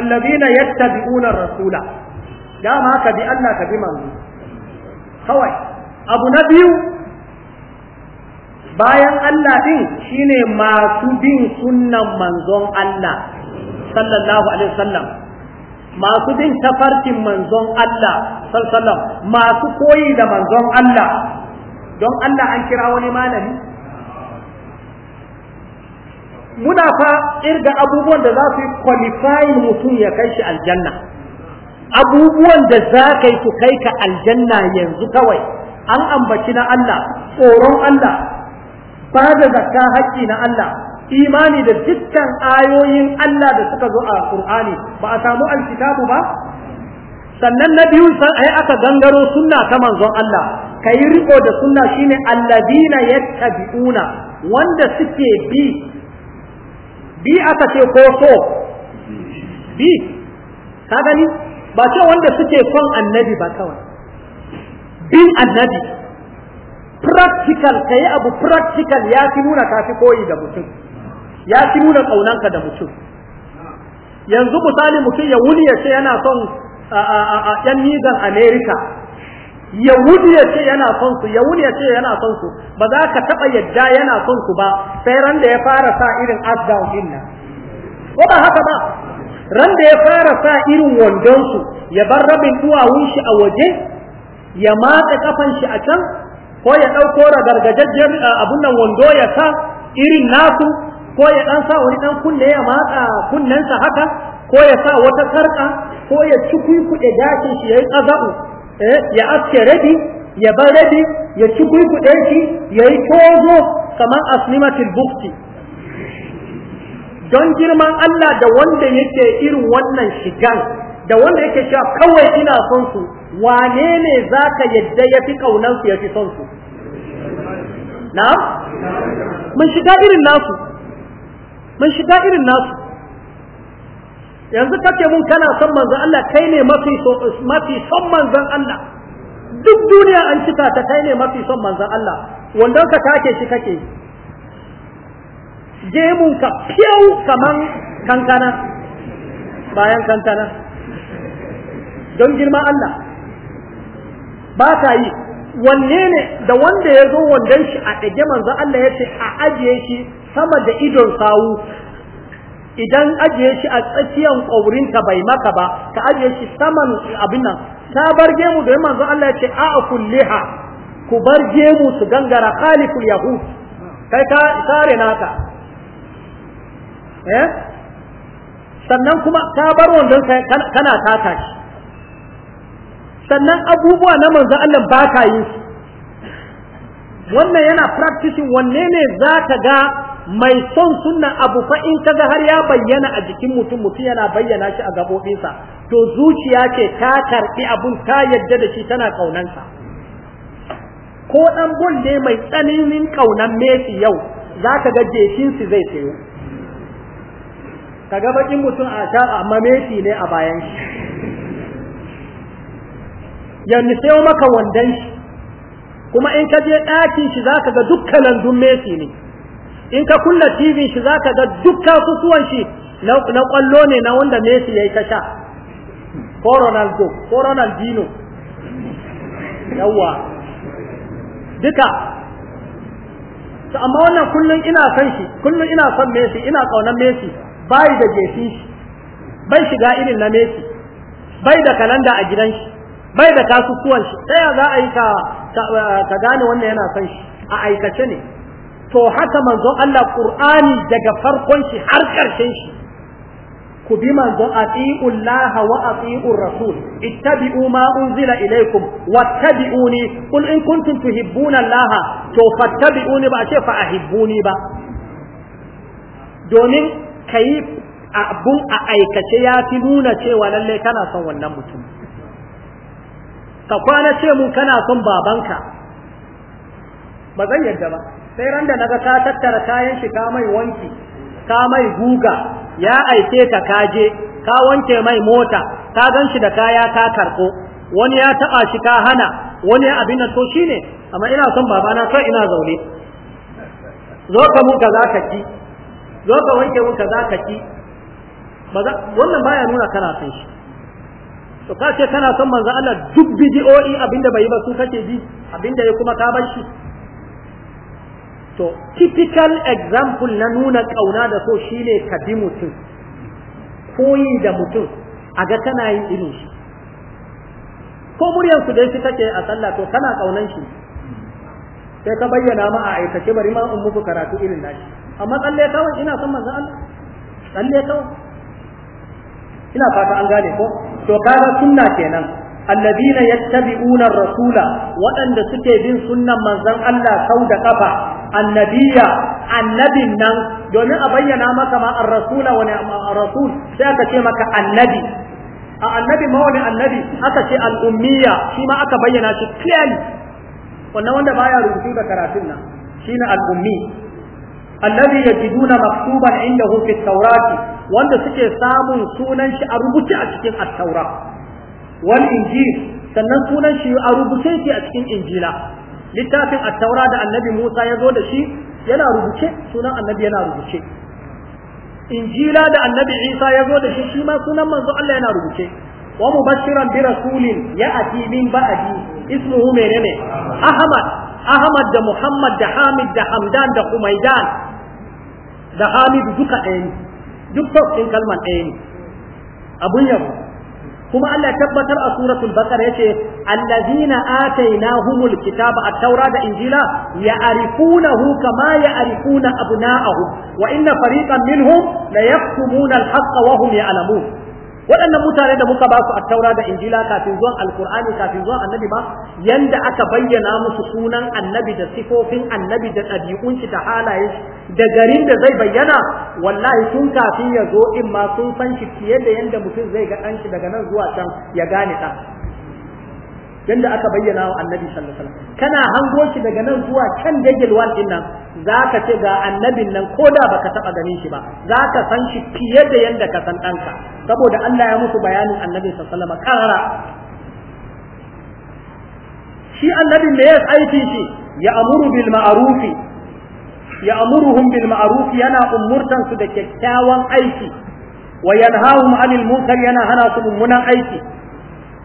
alladhina yattabi'una rasula dama ka bi Allah ka bi manzo kawai abu na biyu bayan Allah din shine masu bin sunnan manzon Allah sallallahu alaihi wasallam masu bin tafarkin manzon Allah sallallahu masu koyi da manzon Allah don Allah an kira wani malami muna fa irga abubuwan da za su yi kwalifayin mutum ya kai shi aljanna abubuwan da za ka yi kai ka aljanna yanzu kawai an ambaci na Allah tsoron Allah ba da zakka haƙƙi na Allah imani da dukkan ayoyin Allah da suka zo a Qur'ani ba a samu alkitabu ba sannan na biyu ai aka gangaro sunna ta manzon Allah kai riko da sunna shine alladina yattabi'una wanda suke bi bi aka ce ko so bi ka gani ba ce wanda suke son annabi ba kawai bin annabi practical ka yi abu practical ya fi nuna ka fi koyi da mutum ya fi nuna ƙaunanka da mutum yanzu misali mutum ya wuli ya ce yana son a yan nizan america ya wuni ya ce yana son su ya wuli ya ce yana son su ba za ka taɓa yadda yana son su ba sai ran da ya fara sa irin up down din nan ko ba haka ba ran da ya fara sa irin wandon su ya bar rabin duwawun shi a waje ya matsa kafan shi a can ko ya ɗauko ragargajajjen abun nan wando ya sa irin nasu ko ya ɗan sa wani ɗan kunne ya matsa kunnensa haka ko ya sa wata sarƙa ko ya ci kuɗe gashin shi ya yi ƙaza'u eh, ya aske rabi ya bar rabi ya ci kuɗe shi ya yi tozo kamar aslimatul bukti don girman Allah da wanda yake irin wannan shigan da wanda yake sha kawai ina son su wane ne za ka yadda ya fi ƙaunansu ya fi son su na? mun shiga irin nasu mun shiga irin nasu yanzu kake mun kana son manzan Allah kai ne mafi son manzan Allah duk duniya an cika ta kai ne mafi son manzan Allah wandon ka take shi kake gemun ka fiyau kaman kankana bayan kankana don girma Allah ba ta yi wanne ne da wanda ya zo wandan shi a ɗage manzo Allah ya ce a ajiye shi sama da idon sawu idan ajiye shi a tsakiyan ta bai maka ba ka ajiye shi saman abin nan ta bar gemu da manzo Allah ya ce a kulliha ku bar gemu su gangara khaliful yahud kai ka tare naka eh sannan kuma ta bar wandon kana tata shi sannan abubuwa na manzo Allah ba ka yi. wannan yana practicing wanne ne za ka ga mai son sunna abu fa in ka ga har ya bayyana a jikin mutum mutum yana bayyana shi a gaɓoɓinsa to zuciya ce ta karɓi abun ta yadda da shi tana ƙaunansa ko ɗan bol ne mai tsananin ƙaunan Messi yau za ka ga jefinsu zai sayo ka ga baƙin mutum a sha amma Messi ne a bayan shi yanzu sai maka wandan shi kuma in ka je ɗakin shi zaka ga dukkanin dun Messi ne in ka kulla TV shi zaka ga dukkan susuwan shi na kwallo ne na wanda Messi yayi ta sha ko Ronaldo ko Ronaldinho yawa duka to amma wannan kullun ina son shi kullun ina son Messi ina kaunar Messi bai da jefi shi bai shiga irin na Messi bai da kalanda a gidan shi bai da kasusuwan shi ɗaya za a yi ka gane wannan yana son shi a aikace ne to haka manzo Allah Qur'ani daga farkon shi har ƙarshen shi ku bi manzo atiullaha wa atiur rasul ittabi'u ma unzila ilaykum wattabi'uni qul in kuntum tuhibbuna Allah to fattabi'uni ba ce fa ahibbuni ba domin kai abun a aikace ya fi nuna cewa lallai kana son wannan mutum ka kwana ce mu kana son babanka ba zan yadda ba sai ran da naga ka tattara kayan shi ka mai wanki ka mai guga ya aike ka kaje ka wanke mai mota ka gan shi da kaya ka karko wani ya taba shi ka hana wani abin da to shine amma ina son babana sai ina zaune zo ka mu za ka ki zo ka wanke mu za ka ki wannan baya nuna kana son shi to ka ce kana son manzo Allah duk bidiyoyi abinda bai ba su kake bi abinda ya kuma ka bar shi to typical example na nuna kauna da so shine ka bi mutum koyi da mutum a ga kana yin irin shi ko muryar su dai shi kake a sallah to kana kaunan shi sai ka bayyana ma a aikace bari ma in muku karatu irin nashi amma tsalle kawai ina son manzo Allah tsalle kawai ina fata an gane ko to kaga sunna kenan alladina yattabi'una ar-rasula waɗanda suke bin sunnan manzon Allah sau da kafa annabiya annabin nan domin a bayyana maka ma ar-rasula wa ar-rasul sai aka ce maka annabi a annabi ma wani annabi aka ce al-ummiya shi ma aka bayyana shi clearly wannan wanda baya rubutu da karatun nan shine al-ummi alladhi yajiduna maktuban indahu fi at-taurati wanda suke samun sunan shi a rubuce a cikin attaura wal injil sannan sunan shi a rubuce shi a cikin injila littafin attaura da annabi musa ya zo da shi yana rubuce sunan annabi yana rubuce injila da annabi isa ya zo da shi shi ma sunan manzo allah yana rubuce wa mubashiran bi rasulin ya'ti min ba'di ismuhu menene ahmad ahmad da muhammad da hamid da hamdan da humaidan da hamid duka ɗaya ne duk sau ɗin kalman ɗaya ne abun yabo kuma Allah ya tabbatar a suratul baqara yace allazina humul kitaba at-taura da injila ya'rifunahu kama na ahu. wa inna fariqan minhum la yaktumuna al-haqqa wa hum ya'lamun waɗannan mutane da muka ba su taura da injila kafin zuwan alkur'ani kafin zuwan annabi ba yanda aka bayyana musu sunan annabi da sifofin annabi da ɗabi'un shi da halaye da garin da zai bayyana wallahi sun kafin ya zo in ma sun san shi fiye da yanda mutum zai ga ɗan shi daga nan zuwa can ya gane ɗan yanda aka bayyana wa annabi sallallahu alaihi wasallam kana hango shi daga nan zuwa can dagilwan din nan za ka ce ga annabin nan ko da baka taɓa ganin shi ba za ka san shi fiye da yadda ka san ɗanka saboda Allah ya musu bayanin annabi sallama karara shi annabin me ya aiki shi ya amuru bil ma'arufi ya amuruhum bil ma'ruf yana umurtan su da kyakkyawan aiki wa yanhahum anil munkar yana hana su mummunan aiki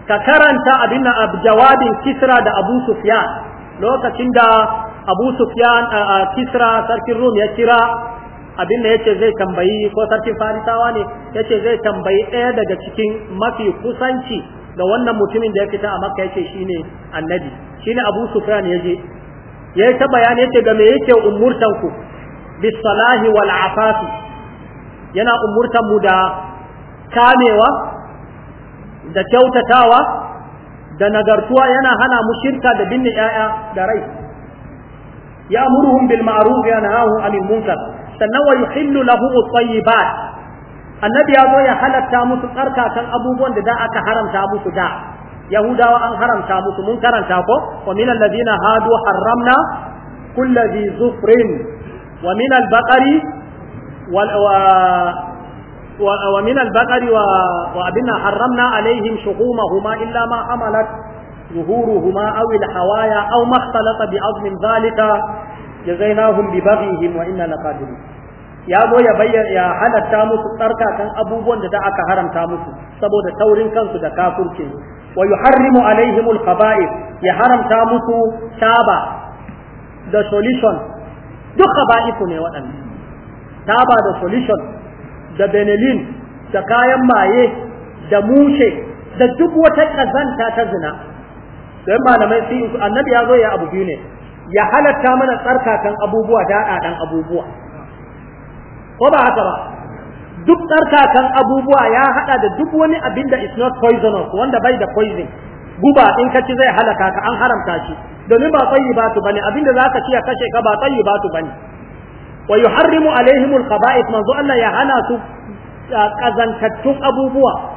ka karanta abin na jawabin kisra da abu sufyan lokacin da abu sufyan a kisra sarkin rum ya kira abin da yake zai tambayi ko sarkin farisawa ne yace zai tambayi ɗaya daga cikin mafi kusanci da wannan mutumin da ya fita a makka yake shine annabi shine abu sufyan ya yayi ta bayani yace ga me yake umurtan ku bis salahi wal afafi yana umurtan mu da kamewa da kyautatawa da nagartuwa yana hana mu shirka da binne 'ya'ya da rai ya'muruhum bil ma'ruf wa yanhahu 'anil munkar sannan wa yuhillu lahum at-tayyibat annabi ya zo ya halatta musu tsarkakan abubuwan da da aka haramta musu da yahudawa an haramta musu mun karanta ko wa min alladhina hadu harramna kulli dhi zufrin wa ومن البقر وابنا حرمنا عليهم شحومهما الا ما حملت ظهورهما أو الحوايا أو ما اختلط بعظم ذلك جزيناهم ببغيهم وإنا لقادرون ya zo ya bayyana ya halatta musu tsarka kan abubuwan da da aka haramta musu saboda taurin kansu da kafurce wa yuharrimu alaihim alqaba'ir ya haramta musu taba da solution duk qaba'ifu ne waɗannan taba da solution da benelin da kayan maye da mushe da duk wata ƙazanta ta zina don malamai su annabi ya zo ya abu biyu ne ya halatta mana tsarkakan abubuwa daɗaɗan abubuwa ko ba haka ba duk tsarkakan abubuwa ya haɗa da duk wani abin da is not poisonous wanda bai da poison guba in ka ci zai halaka ka an haramta shi domin ba tsayi ba su bane abinda za ka ci ya kashe ka ba tsayi ba su bane wa yuharrimu alaihimul khaba'ith manzo Allah ya hana su kazantattun abubuwa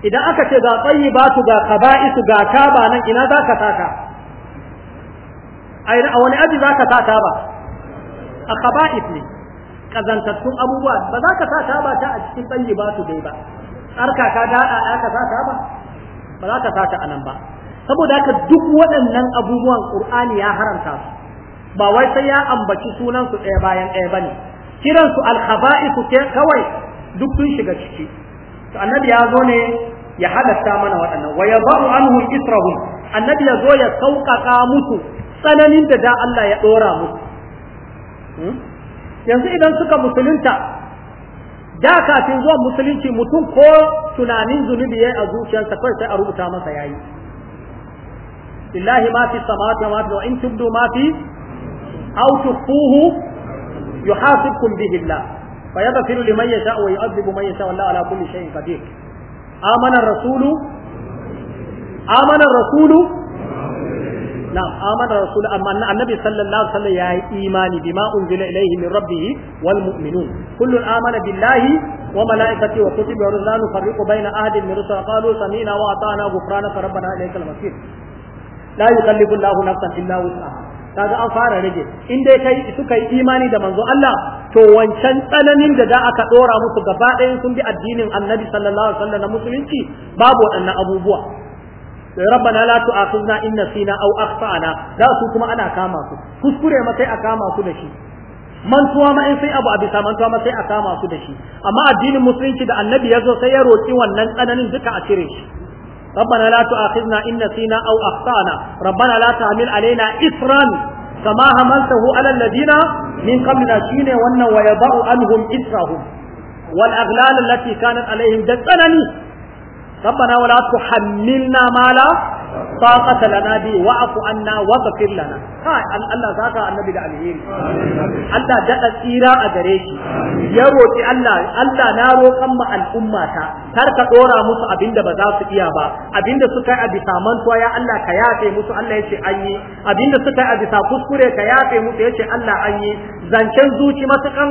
idan aka ce ga tsayi ba su ga kaba'isu ga kaba nan ina za ka taka a wani aji za ka taka ba a kaba'is ne kazantattun abubuwa ba za ka taka ba ta a cikin tsayi ba su dai ba tsarka ka daɗa ya ka taka ba ba za ka taka a nan ba saboda haka duk waɗannan abubuwan ƙur'ani ya haramta su ba wai sai ya ambaci sunansu ɗaya bayan ɗaya ba ne kiransu alkhaba'isu kawai duk sun shiga ciki to annabi ya zo ne ya halatta mana waɗannan wa yabu anhu israhum annabi ya zo ya sauƙaƙa musu tsananin da da Allah ya ɗora musu hmm? yanzu idan suka musulunta da kafin zuwa musulunci mutum ko tunanin zunubi yayi a zuciyarsa kai sai a rubuta masa yayi illahi ma fi samawati wa ma in tubdu ma fi aw tukhfuhu yuhasibkum bihi Allah fa yaghfiru liman yasha wa yu'adhibu man yasha wallahu ala kulli shay'in qadir amana ar-rasulu amana ar-rasulu amana rasulu amma annabi sallallahu alaihi wasallam yayi imani bima unzila ilayhi min rabbih wal mu'minun kullun amana billahi wa malaikatihi wa kutubihi wa rusulihi nufarriqu baina ahadin min rusuli qalu sami'na wa ata'na ghufranaka rabbana masir nafsan kaga an fara rage in dai kai suka yi imani da manzo Allah to wancan tsananin da za aka dora musu gaba ɗayan sun bi addinin Annabi sallallahu alaihi wasallam na musulunci babu waɗannan abubuwa rabbana la tu'akhizna in nasina aw akhtana da su kuma ana kama su kuskure ma sai a kama su da shi mantuwa ma in sai abu a bisa mantuwa ma sai a kama su da shi amma addinin musulunci da Annabi ya zo sai ya roki wannan tsananin duka a cire shi ربنا لا تؤاخذنا إن نسينا أو أخطأنا ربنا لا تعمل علينا إثرا كما حملته على الذين من قبلنا شين وأن ويضع عنهم إثرهم والأغلال التي كانت عليهم دسنني ربنا ولا تحملنا ما لا طاقه لنا بي واعف عنا واغفر لنا هاي الله ذاك النبي ده الهير الله دد tsira a gare shi ya الله Allah Allah na roƙan ma al'umma ta kar ka dora musu abinda ba za su iya ba abinda suka yi a bisa mantuwa ya Allah ka yafe musu Allah yace an yi abinda suka yi a bisa kuskure ka yafe musu yace Allah an zancen zuci matukan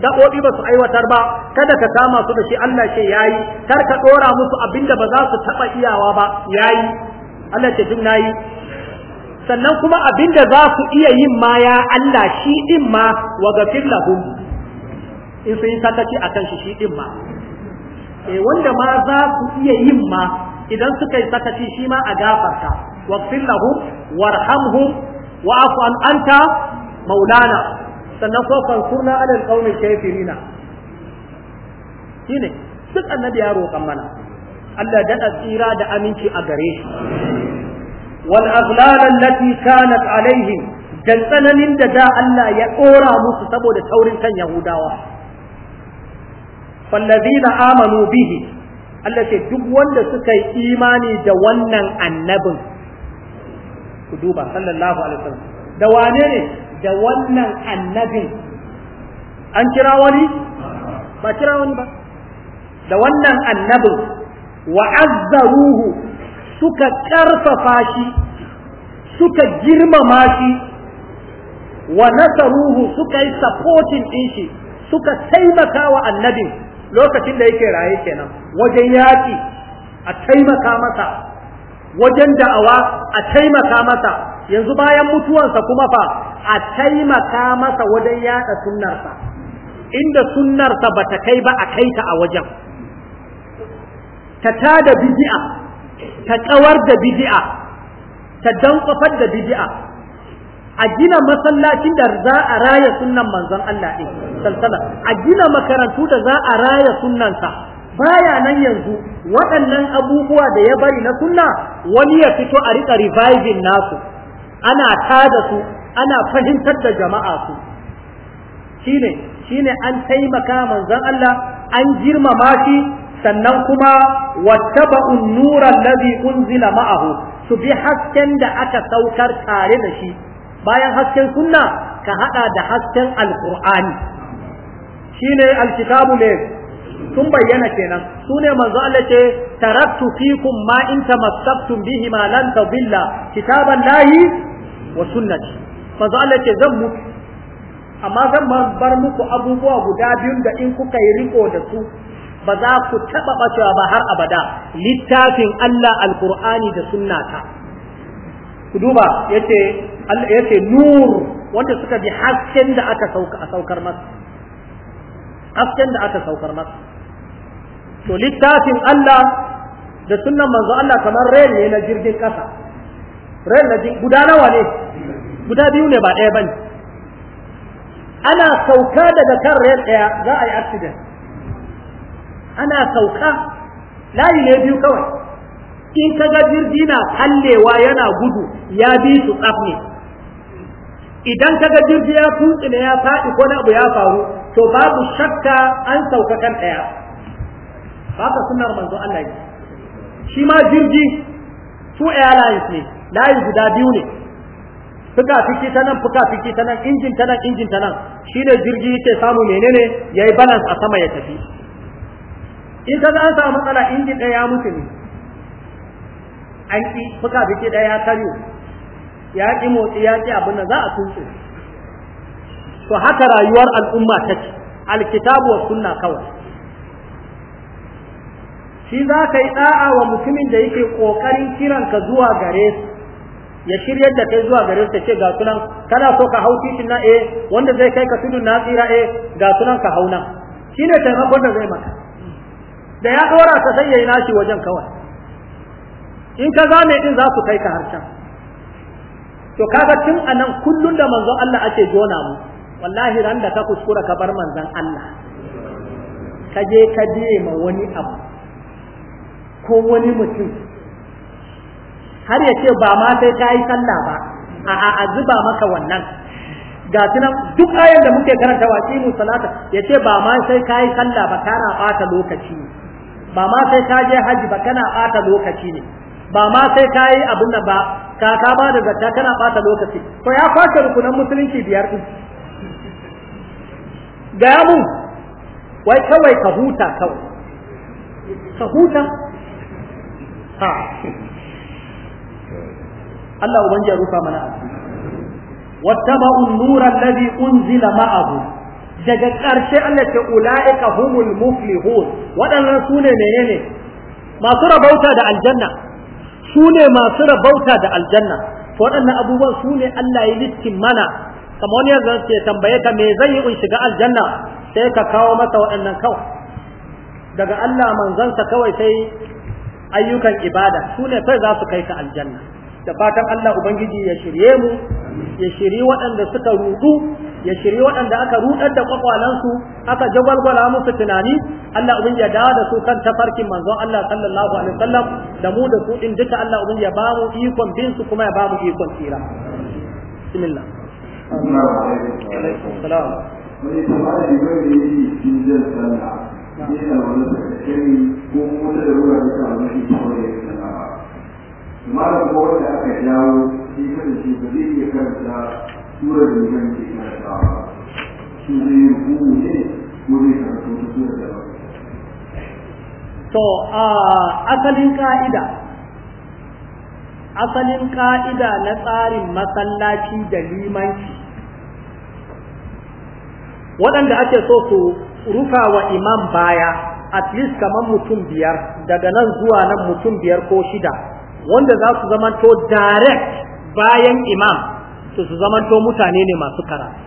gaɓoɓi ba su aiwatar ba kada ka kama su da shi Allah shi yayi kar ka ɗora musu abinda ba za su taɓa iyawa ba yayi Allah ce duk nayi sannan kuma abinda za ku iya yin ma ya Allah shi din ma wa gafir lahum in sun yi sakaci akan shi shi din ma eh wanda ma za ku iya yin ma idan suka yi sakaci shi ma a gafarta waghfir lahum warhamhum afu an anta maulana sannan ko fansurna alal qaumi kafirina shine duk annabi ya roƙan mana Allah da tsira da aminci a gare shi والأغلال التي كانت عليهم جنسنن دا الله يقورا مستبو دا تور كان يهوداوا فالذين آمنوا به التي دبوان دا سكي إيماني دا ونن النبي كدوبا صلى الله عليه وسلم دا وانيني دا ونن النبي أن كراواني ما كراواني با دا ونن النبي وعذروه suka ƙarfafa shi suka girmama shi wa nasaruhu suka yi supporting din shi suka taimaka wa annabin lokacin da yake raye kenan wajen yaƙi a taimaka masa wajen da'awa a taimaka masa yanzu bayan mutuwansa kuma fa a taimaka masa wajen yaɗa sunnarsa inda sunnarsa ba ta kai ba a kai ta a wajen ta tada bidi'a ta kawar da bid'a ta dankwafar da bid'a a gina masallacin da za a raya sunnan manzon Allah din sallallahu a gina makarantu da za a raya sunnansa baya nan yanzu waɗannan abubuwa da ya bari na sunna wani ya fito a rika reviving nasu ana tada su ana fahimtar da jama'a su shine shine an taimaka manzon Allah an girmama shi sannan kuma wattaba nura allazi unzila ma'ahu su bi hasken da aka saukar tare da shi bayan hasken sunna ka hada da hasken alqur'ani shine alkitabu ne sun bayyana kenan sune manzo Allah ce taraktu fikum ma in tamassaktum bihi ma lan tadilla kitaban lahi wa sunnati manzo Allah ce zan muku amma zan bar muku abubuwa guda biyun da in kuka yi riko da su ba za ku taɓa ɓacewa ba har abada littafin Allah alƙur'ani da sunnata ku duba yace Allah yace nur wanda suka bi hasken da aka sauka a saukar masa hasken da aka saukar masa to littafin Allah da sunnan manzo Allah kamar rail ne na jirgin kasa rail na guda nawa ne guda biyu ne ba ɗaya bane ana sauka daga kan rail ɗaya za a yi accident ana sauka layi ne biyu kawai in ka ga jirgi na kallewa yana gudu ya bi su tsaf ne idan ka ga jirgi ya tutsi ne ya faɗi ko na abu ya faru to babu shakka an sauka kan ɗaya ba ka sunar manzo Allah ne shi ma jirgi su airlines ne layi guda biyu ne fuka fiki ta nan fuka fiki ta nan injin ta nan injin ta nan shi ne jirgi yake samu menene yayi balance a sama ya tafi in ka zan samu matsala in ji ɗaya ya mutu ne an ƙi fuka biki ɗaya ya karyo ya ƙi motsi ya ƙi abin da za a tunce to haka rayuwar al'umma ta ce alkitabu wa sunna kawai shi za ka yi ɗa'a wa mutumin da yake ƙoƙarin kiranka zuwa gare su ya shirya da kai zuwa gare su ta ce ga sunan kana so ka hau titin na eh wanda zai kai ka tudun na tsira eh ga sunan ka hau Shi shine taimakon da zai maka da ya dora ka sai yi nashi wajen kawai in ka zame din za su kai ka harshen. to kaga tun anan kullun da manzon Allah ake jona mu wallahi ran da ka kuskura ka bar manzon Allah ka je ka biye ma wani abu ko wani mutum har ya ce ba ma sai ka yi sallah ba a a zuba maka wannan ga tunan duk ayan da muke karanta wa mu salata ya ce ba ma sai ka yi sallah ba kana bata lokaci ba ma sai ka je haji ba kana bata lokaci ne ba ma sai ka yi abin da ba ka ka ba da zakka kana bata lokaci to ya kwace rukunan musulunci biyar din ga mu wai kawai ka huta kawai ka huta ha Allah ubangiji ya rufa mana asiri wattaba'u an-nura alladhi unzila ma'ahu daga ƙarshe Allah ce ula'ika humul muflihun waɗannan su ne masu rabauta da aljanna su ne masu rabauta da aljanna to waɗannan abubuwan su ne Allah ya listin mana kamar wani yanzu ke tambaye ka me zai yi in shiga aljanna sai ka kawo masa waɗannan kawai daga Allah manzansa kawai sai ayyukan ibada su ne kai za su kai ka aljanna da fatan Allah ubangiji ya shirye mu ya shiri waɗanda suka rudu ya shiri waɗanda aka rudar da kwakwalansu aka jagwalgwala musu tunani Allah ubin ya dawo da su kan tafarkin manzon Allah sallallahu alaihi wasallam da mu da su in duka Allah ubin ya bamu ikon bin su kuma ya bamu ikon tsira bismillah alaikum salam wani tsammanin da yau da yi shi zai sallah yana wani sakakari ko wata da ruwa da ta wani shi kawai ya sallah malam ko wanda aka jawo shi kan shi ba zai iya karanta sura da zai yi ko zai sura da ba to a asalin ka'ida asalin ka'ida na tsarin masallaci da limanci waɗanda ake so su rufa wa imam baya at least kamar mutum biyar daga nan zuwa nan mutum biyar ko shida wanda za su zama to direct bayan imam to su zamanto mutane ne masu karatu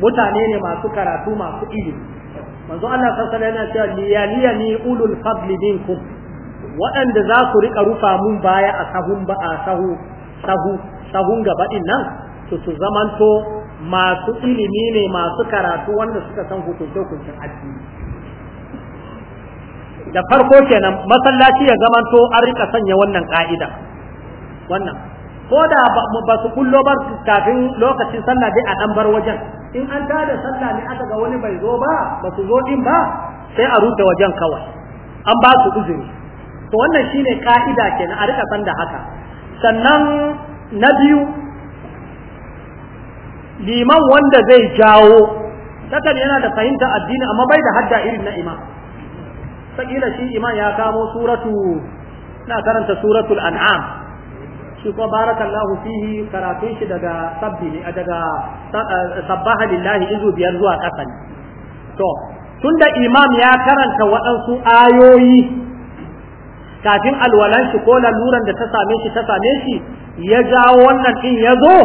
mutane ne masu karatu masu ilimi manzo Allah sallallahu alaihi wasallam ya cewa liyaliya ni ulul fadli minkum waɗanda za ku rika rufa mun baya a sahun ba a sahu sahu sahun gaba din nan to su zamanto masu ilimi ne masu karatu wanda suka san hukunce-hukuncen addini da farko kenan masallaci ya zamanto an rika sanya wannan ka'ida wannan ko da ba su kullo ba kafin lokacin sallah dai a dan bar wajen in an tada sallah ne aka ga wani bai zo ba ba su zo din ba sai a rufe wajen kawai an ba su uzuri to wannan shine ka'ida kenan a rika san da haka sannan na biyu liman wanda zai jawo takan yana da fahimta addini amma bai da hadda irin na imam sakila shi imam ya kamo suratu na karanta suratul an'am shi ko barakallahu fihi karatun shi daga sabbi ne daga sabbaha lillahi izu biyar zuwa ƙasa ne to tunda imam ya karanta waɗansu ayoyi kafin alwalan shi ko laluran da ta same shi ta same shi ya jawo wannan in ya zo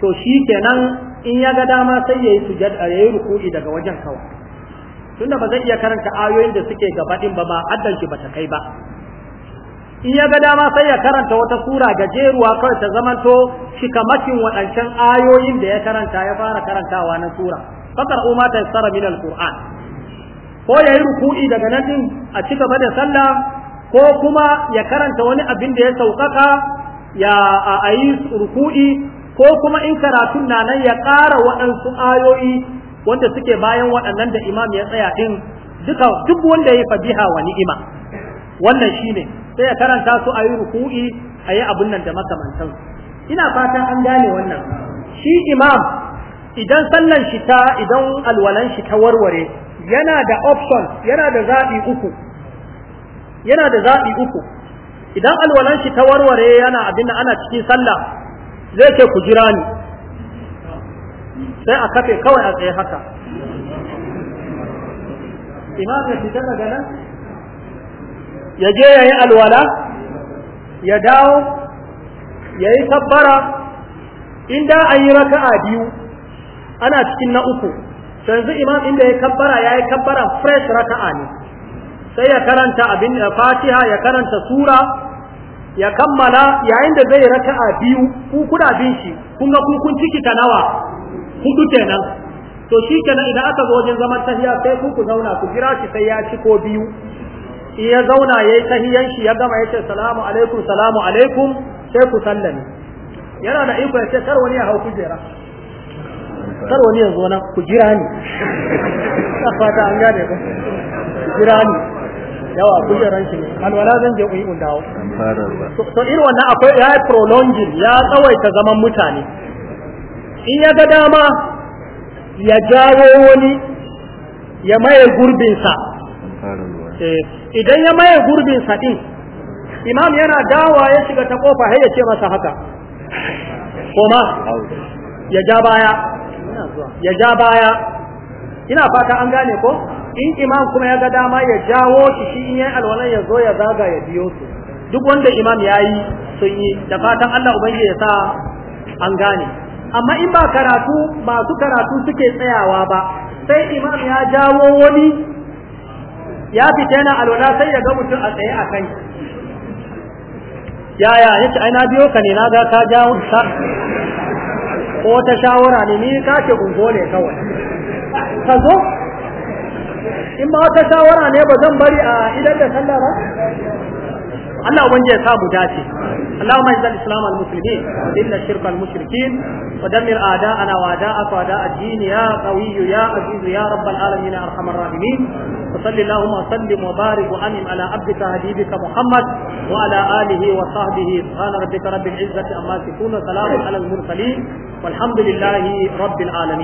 to shi kenan in ya ga dama sai ya yi sujad yayi ruku'i daga wajen kawai tunda ba zai iya karanta ayoyin da suke gabaɗin ba ba addan shi ba ta kai ba in ya ga dama sai ya karanta wata sura gajeruwa kawai ta zamanto shikamakin waɗancan ayoyin da ya karanta ya fara karantawa na sura fakar umma ta tsara min alquran ko ya yi ruku'i daga nan din a ci gaba da sallah ko kuma ya karanta wani abin da ya saukaka ya a yi ruku'i ko kuma in karatun na nan ya ƙara waɗansu ayoyi wanda suke bayan waɗannan da imam ya tsaya din duka duk wanda ya yi fadiha wa ni'ima wannan shine sai ya karanta su a yi ruku'i a yi abun nan da makamantan ina fatan an gane wannan shi imam idan sallan shi ta idan alwalan shi ta warware yana da option yana da zaɓi uku yana da zaɓi uku idan alwalan shi ta warware yana abin ana cikin sallah zai ce ku jira ni sai a kafe kawai a tsaye haka imam ya fita daga nan ya je ya yi alwala ya dawo ya yi tabbara in an yi raka'a biyu ana cikin na uku yanzu imam inda ya kabbara ya yi kabbara fresh raka'a ne sai ya karanta abin fatiha ya karanta sura ya kammala yayin da zai raka'a biyu ku kuna bin shi kun ciki ta nawa hudu kenan to shi kenan idan aka zo wajen zaman tahiya sai ku zauna ku jira shi sai ya ci ko biyu ya zauna yi tahiyan shi ya gama yace salamu alaikum salamu alaikum sai ku sallame yana da iko ya ce kar wani ya hau kujera kar wani ya zo nan ku jira ni ta fata an gane ku jira ni yawa kujeran shi ne alwala zan je ku yi undawo to irin wannan akwai ya prolonging ya tsawaita zaman mutane in ya ga dama ya jawo wani ya maye gurbinsa idan ya maye gurbin saɗin imam yana dawa ya shiga ta kofa har ya ce masa haka koma ya ja baya ya ja baya ina fata an gane ko in imam kuma ya ga dama ya jawo shi shi in yayi alwalan ya zo ya zaga ya biyo su duk wanda imam ya yi sun yi da fatan Allah ubangiji ya sa an gane amma in ba karatu masu karatu suke tsayawa ba sai imam ya jawo wani ya fita yana alwala sai ya ga mutum a tsaye a kai yaya ya ce aina biyo ka ne na ga ka ja sa ko ta shawara ne ni ka ce ungo ne kawai ka zo in ba wata shawara ne ba zan bari a idan da sallah ba Allah wanje ya sabu dace Allahumma ijzal islam al muslimin wa dinn al shirka al mushrikin wa dammir aada ana wa a afa aada al din ya qawi ya aziz ya rabb al alamin ya arham ar rahimin wa salli Allahumma sallim wa barik wa anim ala abdika habibika muhammad wa ala alihi wa sahbihi subhana rabbika rabbil izzati amma yasifun wa salamun ala al walhamdulillahi rabbil alamin